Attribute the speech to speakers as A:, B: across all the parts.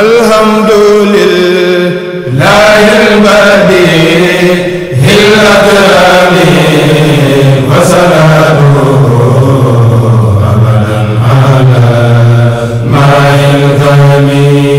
A: الحمد لله البديع الأكرم وسلامه
B: أبدا على ما يلتمي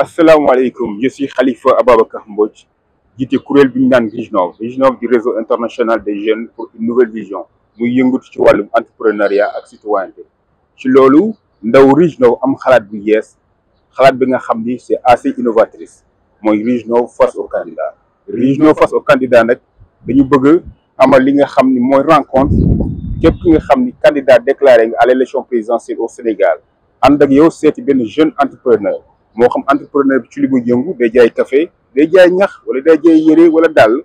B: Assalamu alaikum, je suis Khalifa Ababakar Mbodj, guide kuréel bi ñu naan Vigenov, du réseau international des jeunes pour une nouvelle vision. muy yëngatu ci walum entrepreneuriat ak citoyenneté ci lolu ndaw Rijnov am xalaat bu yes xalaat bi nga xam ni c'est assez innovatrice moy Rijnov face au candidat Rijnov face au candidat nak dañu bëgg amal li nga xam ni moy rencontre képp ki nga xam ni candidat déclaré nga à l'élection présidentielle au Sénégal ànd ak yow seeti benn jeune entrepreneur moo xam entrepreneur bi ci li muy yëngu day jaay café day jaay ñax wala day jaay yére wala dàll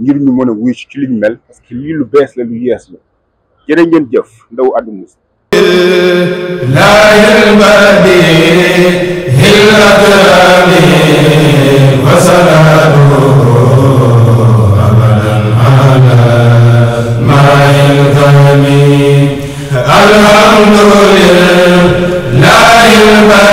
B: ngir ñu mën a wuyu ci mel parce que lii lu bees la lu yees la jërë ngeen jëf ndaw Adou
A: Alhamdulillah